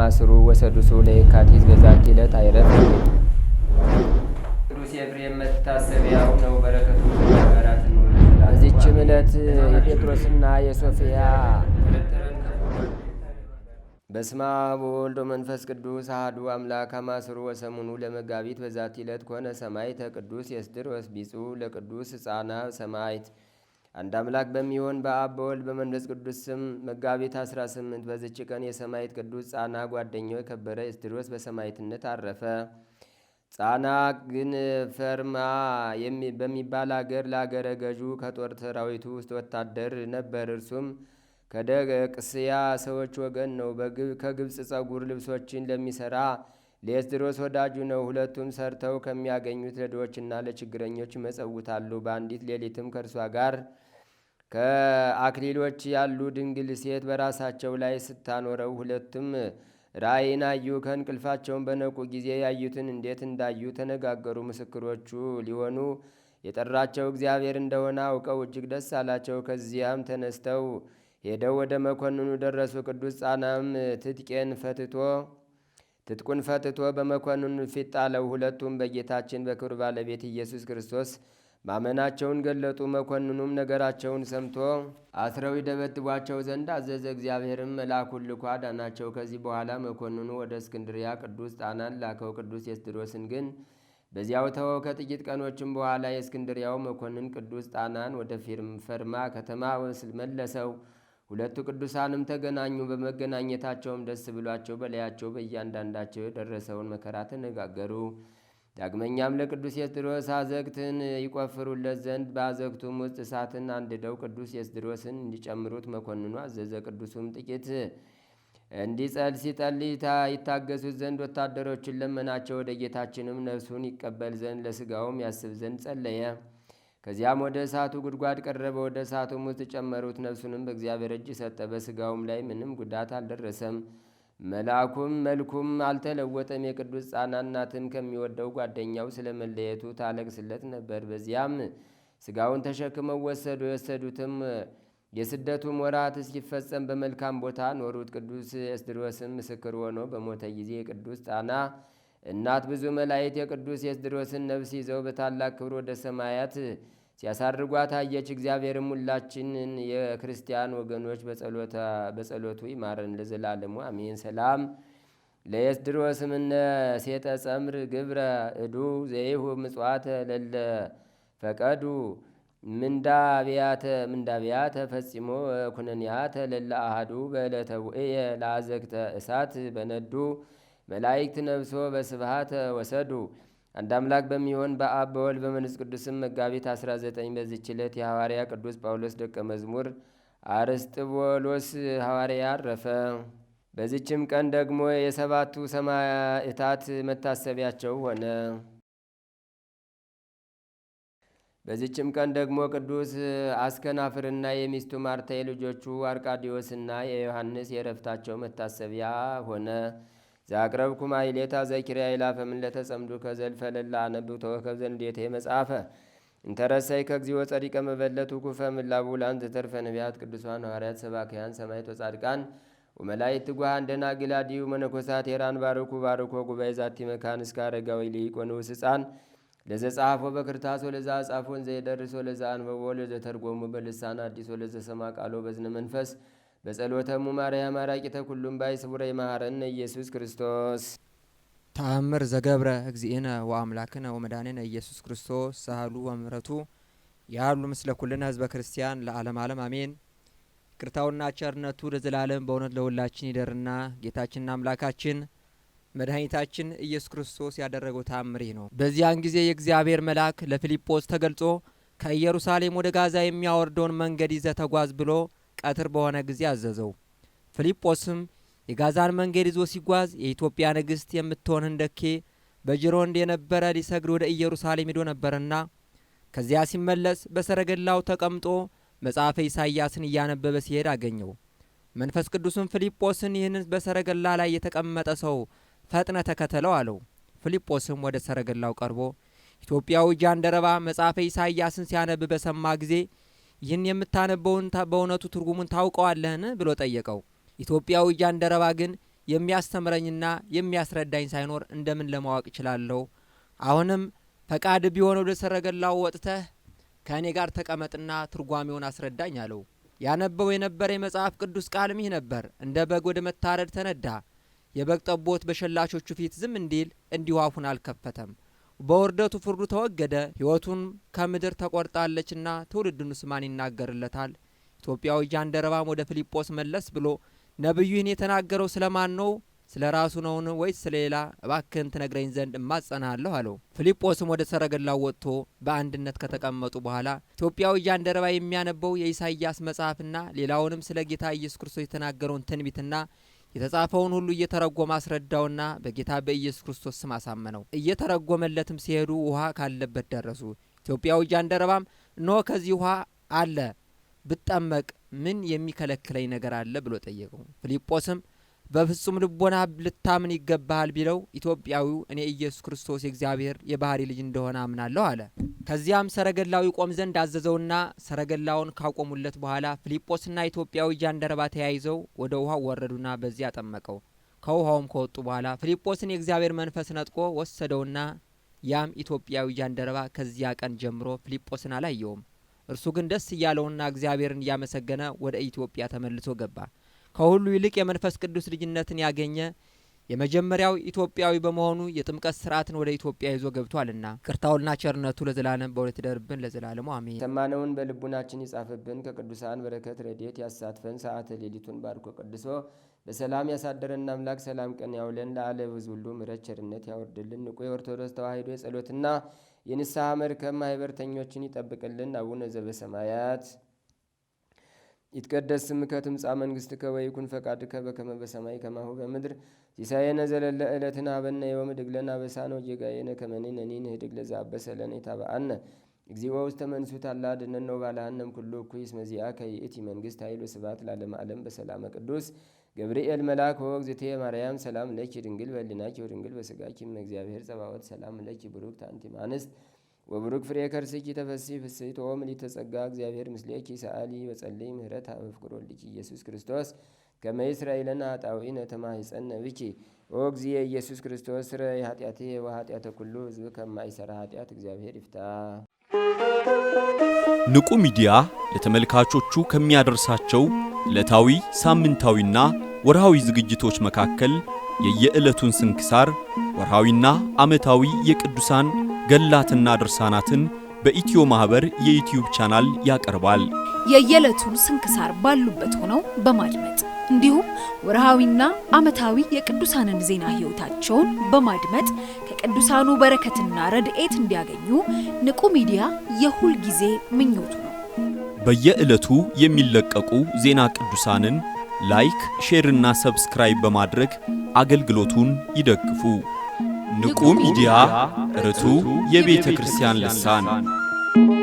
ማስሩ ወሰዱሱ ለየካቲት በዛቲ ዕለት አይረፍ። ቅዱስ ኤፍሬም መታሰቢያው ነው። በረከቱ በዚችም ዕለት የጴጥሮስና የሶፊያ በስማ በወልድ መንፈስ ቅዱስ አህዱ አምላክ አማስሩ ወሰሙኑ ለመጋቢት በዛቲ ዕለት ኮነ ሰማይ ቅዱስ የስድር ወስቢጹ ለቅዱስ ሕፃና ሰማይት አንድ አምላክ በሚሆን በአብ በወልድ በመንፈስ ቅዱስ ስም መጋቢት 18 በዝች ቀን የሰማይት ቅዱስ ጻና ጓደኛው የከበረ እስድሮስ በሰማይትነት አረፈ። ጻና ግን ፈርማ በሚባል አገር ለአገረ ገዡ ከጦር ሰራዊቱ ውስጥ ወታደር ነበር። እርሱም ከደቅስያ ሰዎች ወገን ነው። ከግብፅ ጸጉር ልብሶችን ለሚሰራ ለኤስድሮስ ወዳጁ ነው። ሁለቱም ሰርተው ከሚያገኙት ለድሆችና ለችግረኞች ይመጸውታሉ። በአንዲት ሌሊትም ከእርሷ ጋር ከአክሊሎች ያሉ ድንግል ሴት በራሳቸው ላይ ስታኖረው ሁለቱም ራእይን አዩ። ከእንቅልፋቸውን በነቁ ጊዜ ያዩትን እንዴት እንዳዩ ተነጋገሩ። ምስክሮቹ ሊሆኑ የጠራቸው እግዚአብሔር እንደሆነ አውቀው እጅግ ደስ አላቸው። ከዚያም ተነስተው ሄደው ወደ መኮንኑ ደረሱ። ቅዱስ ጻናም ትጥቄን ፈትቶ ትጥቁን ፈትቶ በመኮንኑ ፊት ጣለው። ሁለቱም በጌታችን በክብር ባለቤት ኢየሱስ ክርስቶስ ማመናቸውን ገለጡ። መኮንኑም ነገራቸውን ሰምቶ አስረው ይደበድቧቸው ዘንድ አዘዘ። እግዚአብሔርም መልአኩን ልኮ አዳናቸው። ከዚህ በኋላ መኮንኑ ወደ እስክንድሪያ ቅዱስ ጣናን ላከው። ቅዱስ የስድሮስን ግን በዚያው ተወው። ከጥቂት ቀኖችም በኋላ የእስክንድሪያው መኮንን ቅዱስ ጣናን ወደ ፈርማ ከተማ መለሰው። ሁለቱ ቅዱሳንም ተገናኙ። በመገናኘታቸውም ደስ ብሏቸው በላያቸው በእያንዳንዳቸው የደረሰውን መከራ ተነጋገሩ። ዳግመኛም ለቅዱስ የስድሮስ አዘግትን ይቆፍሩለት ዘንድ በአዘግቱም ውስጥ እሳትን አንድደው ቅዱስ የስድሮስን እንዲጨምሩት መኮንኑ አዘዘ። ቅዱሱም ጥቂት እንዲጸል ሲጠል ይታገሱት ዘንድ ወታደሮችን ለመናቸው። ወደ ጌታችንም ነፍሱን ይቀበል ዘንድ ለስጋውም ያስብ ዘንድ ጸለየ። ከዚያም ወደ እሳቱ ጉድጓድ ቀረበ። ወደ እሳቱም ውስጥ ጨመሩት። ነፍሱንም በእግዚአብሔር እጅ ሰጠ። በስጋውም ላይ ምንም ጉዳት አልደረሰም። መልአኩም መልኩም አልተለወጠም። የቅዱስ ሕፃን እናትም ከሚወደው ጓደኛው ስለ መለየቱ ታለቅስለት ነበር። በዚያም ስጋውን ተሸክመው ወሰዱ። የወሰዱትም የስደቱም ወራት እስኪፈጸም በመልካም ቦታ ኖሩት። ቅዱስ ኤስድሮስም ምስክር ሆኖ በሞተ ጊዜ የቅዱስ ጣና እናት ብዙ መላእክት የቅዱስ የስድሮስን ነፍስ ይዘው በታላቅ ክብር ወደ ሰማያት ሲያሳርጓት አየች። እግዚአብሔርም ሁላችንን የክርስቲያን ወገኖች በጸሎቱ ይማረን ለዘላለሙ አሜን። ሰላም ለየስድሮስ ምነ ሴጠ ጸምር ግብረ እዱ ዘይሁ ምጽዋተ ለለ ፈቀዱ ምንዳቢያተ ምንዳቢያተ ፈጽሞ ኩነንያተ ለለ አሃዱ በዕለተ ውእየ ለአዘግተ እሳት በነዱ መላይክት ነብሶ በስብሃተ ወሰዱ። አንድ አምላክ በሚሆን በአብ በወልድ በመንፈስ ቅዱስም መጋቢት 19 በዚች ዕለት የሐዋርያ ቅዱስ ጳውሎስ ደቀ መዝሙር አርስጥቦሎስ ሐዋርያ አረፈ። በዚችም ቀን ደግሞ የሰባቱ ሰማዕታት መታሰቢያቸው ሆነ። በዚችም ቀን ደግሞ ቅዱስ አስከናፍርና የሚስቱ ማርታ የልጆቹ አርቃዲዎስና የዮሐንስ የረፍታቸው መታሰቢያ ሆነ። ዛቅረብኩማ ይሌታ ዘኪርያ ይላፈ ምን ለተጸምዱ ከዘልፈ ለላ አነብብ ተወከብ ዘንዴቴ መጽሐፈ እንተረሳይ ከእግዚኦ ጸዲቀ መበለቱ ኩፈ ምላቡ ላንዝ ተርፈ ነቢያት ቅዱሳን ሐዋርያት ሰባክያን ሰማይት ወጻድቃን ወመላይት ትጓሃን ደናግል ግላዲዩ መነኮሳት ሄራን ባርኩ ባርኮ ጉባኤ ዛቲ መካን እስከ አረጋዊ ሊቅ ወንዑስ ሕፃን ለዘ ጸሐፎ በክርታስ ወለዛ አጻፎን ዘየደርሶ ለዛ አንበቦ ለዘ ተርጎሙ በልሳን አዲሶ ወለዘ ሰማ ቃሎ በዝነ መንፈስ በጸሎተሙ ማርያም አራቂተ ኩሉም ባይ ስቡረ ይማረነ ኢየሱስ ክርስቶስ ተአምር ዘገብረ እግዚእነ ወአምላክነ ወመድኃኒነ ኢየሱስ ክርስቶስ ሳህሉ ወምረቱ ያሉ ምስለ ኩልነ ህዝበ ክርስቲያን ለዓለም ዓለም አሜን። ይቅርታውና ቸርነቱ ለዘላለም በእውነት ለሁላችን ይደርና ጌታችንና አምላካችን መድኃኒታችን ኢየሱስ ክርስቶስ ያደረገው ተአምር ነው። በዚያን ጊዜ የእግዚአብሔር መልአክ ለፊልጶስ ተገልጾ ከኢየሩሳሌም ወደ ጋዛ የሚያወርደውን መንገድ ይዘ ተጓዝ ብሎ ቀትር በሆነ ጊዜ አዘዘው። ፊልጶስም የጋዛን መንገድ ይዞ ሲጓዝ የኢትዮጵያ ንግሥት የምትሆን ህንደኬ በጅሮንድ የነበረ ሊሰግድ ወደ ኢየሩሳሌም ሄዶ ነበርና ከዚያ ሲመለስ በሰረገላው ተቀምጦ መጽሐፈ ኢሳይያስን እያነበበ ሲሄድ አገኘው። መንፈስ ቅዱስም ፊልጶስን ይህንን በሰረገላ ላይ የተቀመጠ ሰው ፈጥነ ተከተለው አለው። ፊልጶስም ወደ ሰረገላው ቀርቦ ኢትዮጵያዊ ጃንደረባ መጽሐፈ ኢሳይያስን ሲያነብ በሰማ ጊዜ ይህን የምታነበውን በእውነቱ ትርጉሙን ታውቀዋለህን ብሎ ጠየቀው። ኢትዮጵያዊ ጃንደረባ ግን የሚያስተምረኝና የሚያስረዳኝ ሳይኖር እንደምን ለማወቅ እችላለሁ? አሁንም ፈቃድ ቢሆን ወደ ሰረገላው ወጥተህ ከእኔ ጋር ተቀመጥና ትርጓሜውን አስረዳኝ አለው። ያነበው የነበረ የመጽሐፍ ቅዱስ ቃልም ይህ ነበር። እንደ በግ ወደ መታረድ ተነዳ። የበግ ጠቦት በሸላቾቹ ፊት ዝም እንዲል እንዲሁ አፉን አልከፈተም። በውርደቱ ፍርዱ ተወገደ፣ ሕይወቱን ከምድር ተቆርጣለችና ትውልዱንስ ማን ይናገርለታል? ኢትዮጵያዊ ጃንደረባም ወደ ፊልጶስ መለስ ብሎ ነቢዩ ይህን የተናገረው ስለማን ነው? ስለ ራሱ ነውን ወይስ ስለ ሌላ? እባክህን ትነግረኝ ዘንድ እማጸናሃለሁ አለው። ፊልጶስም ወደ ሰረገላው ወጥቶ በአንድነት ከተቀመጡ በኋላ ኢትዮጵያዊ ጃንደረባ የሚያነበው የኢሳይያስ መጽሐፍና ሌላውንም ስለ ጌታ ኢየሱስ ክርስቶስ የተናገረውን ትንቢትና የተጻፈውን ሁሉ እየተረጎመ አስረዳውና በጌታ በኢየሱስ ክርስቶስ ስም አሳመነው። እየተረጎመለትም ሲሄዱ ውሃ ካለበት ደረሱ። ኢትዮጵያዊ ጃንደረባም እነሆ ከዚህ ውሃ አለ፣ ብጠመቅ ምን የሚከለክለኝ ነገር አለ ብሎ ጠየቀው። ፊልጶስም በፍጹም ልቦና ልታምን ይገባሃል ቢለው ኢትዮጵያዊው እኔ ኢየሱስ ክርስቶስ የእግዚአብሔር የባህሪ ልጅ እንደሆነ አምናለሁ አለ። ከዚያም ሰረገላው ይቆም ዘንድ አዘዘውና ሰረገላውን ካቆሙለት በኋላ ፊልጶስና ኢትዮጵያዊ ጃንደረባ ተያይዘው ወደ ውሃው ወረዱና በዚያ ጠመቀው። ከውሃውም ከወጡ በኋላ ፊልጶስን የእግዚአብሔር መንፈስ ነጥቆ ወሰደውና ያም ኢትዮጵያዊ ጃንደረባ ከዚያ ቀን ጀምሮ ፊልጶስን አላየውም። እርሱ ግን ደስ እያለውና እግዚአብሔርን እያመሰገነ ወደ ኢትዮጵያ ተመልሶ ገባ። ከሁሉ ይልቅ የመንፈስ ቅዱስ ልጅነትን ያገኘ የመጀመሪያው ኢትዮጵያዊ በመሆኑ የጥምቀት ስርዓትን ወደ ኢትዮጵያ ይዞ ገብቷልና ቅርታውና ቸርነቱ ለዘላለም በእውነት ይደርብን፣ ለዘላለሙ አሜን። የሰማነውን በልቡናችን ይጻፍብን፣ ከቅዱሳን በረከት ረድኤት ያሳትፈን። ሰዓተ ሌሊቱን ባርኮ ቅዱሶ በሰላም ያሳደረን አምላክ ሰላም ቀን ያውለን። ለዓለም ሕዝብ ሁሉ ምሕረት ቸርነት ያወርድልን። ንቁ የኦርቶዶክስ ተዋሕዶ የጸሎትና የንስሐ መርከብ ማህበርተኞችን ይጠብቅልን። አቡነ ዘበሰማያት ይትቀደስ ስምከ ትምጻእ መንግሥትከ ወይኩን ፈቃድከ በከመ በሰማይ ከማሁ በምድር ሲሳየነ ዘለለ ዕለትነ ሀበነ ዮም ህድግ ለነ አበሳነ ወጌጋየነ ከመ ንሕነኒ ንህድግ ለዘአበሰ ለነ ኢታብአነ እግዚኦ ውስተ መንሱት አላ ድነኖ ነው ባልሃነም ኩሉ እኩይ እስመ ዚአከ ይእቲ መንግሥት ኃይል ወስብሐት ለዓለመ ዓለም በሰላመ ቅዱስ ገብርኤል መልአክ ወእግዝእትየ ማርያም ሰላም ለኪ ድንግል በኅሊናኪ ወድንግል በሥጋኪ እም እግዚአብሔር ጸባዖት ሰላም ለኪ ብሩክት አንቲ እምአንስት ወብሩክ ፍሬ ከርስኪ ተፈሲ ፍስሕት ወምልዕተ ጸጋ እግዚአብሔር ምስሌኪ ሰአሊ በጸልይ ምህረት በፍቅር ወልድኪ ኢየሱስ ክርስቶስ ከመ አጣዊ ነተማ ይጸነ ብኪ ኦ እግዚእ ኢየሱስ ክርስቶስ ስረይ ኃጢአቴ ወኃጢአተ ኩሉ ህዝብ ከማይሰራ ኃጢአት እግዚአብሔር ይፍታ። ንቁ ሚዲያ ለተመልካቾቹ ከሚያደርሳቸው ዕለታዊ ሳምንታዊና ወርሃዊ ዝግጅቶች መካከል የየዕለቱን ስንክሳር ወርሃዊና ዓመታዊ የቅዱሳን ገላትና ድርሳናትን በኢትዮ ማህበር የዩትዩብ ቻናል ያቀርባል። የየዕለቱን ስንክሳር ባሉበት ሆነው በማድመጥ እንዲሁም ወርሃዊና ዓመታዊ የቅዱሳንን ዜና ሕይወታቸውን በማድመጥ ከቅዱሳኑ በረከትና ረድኤት እንዲያገኙ ንቁ ሚዲያ የሁል ጊዜ ምኞቱ ነው። በየዕለቱ የሚለቀቁ ዜና ቅዱሳንን ላይክ፣ ሼርና ሰብስክራይብ በማድረግ አገልግሎቱን ይደግፉ። ንቁ ሚዲያ ርቱ የቤተ ክርስቲያን ልሳን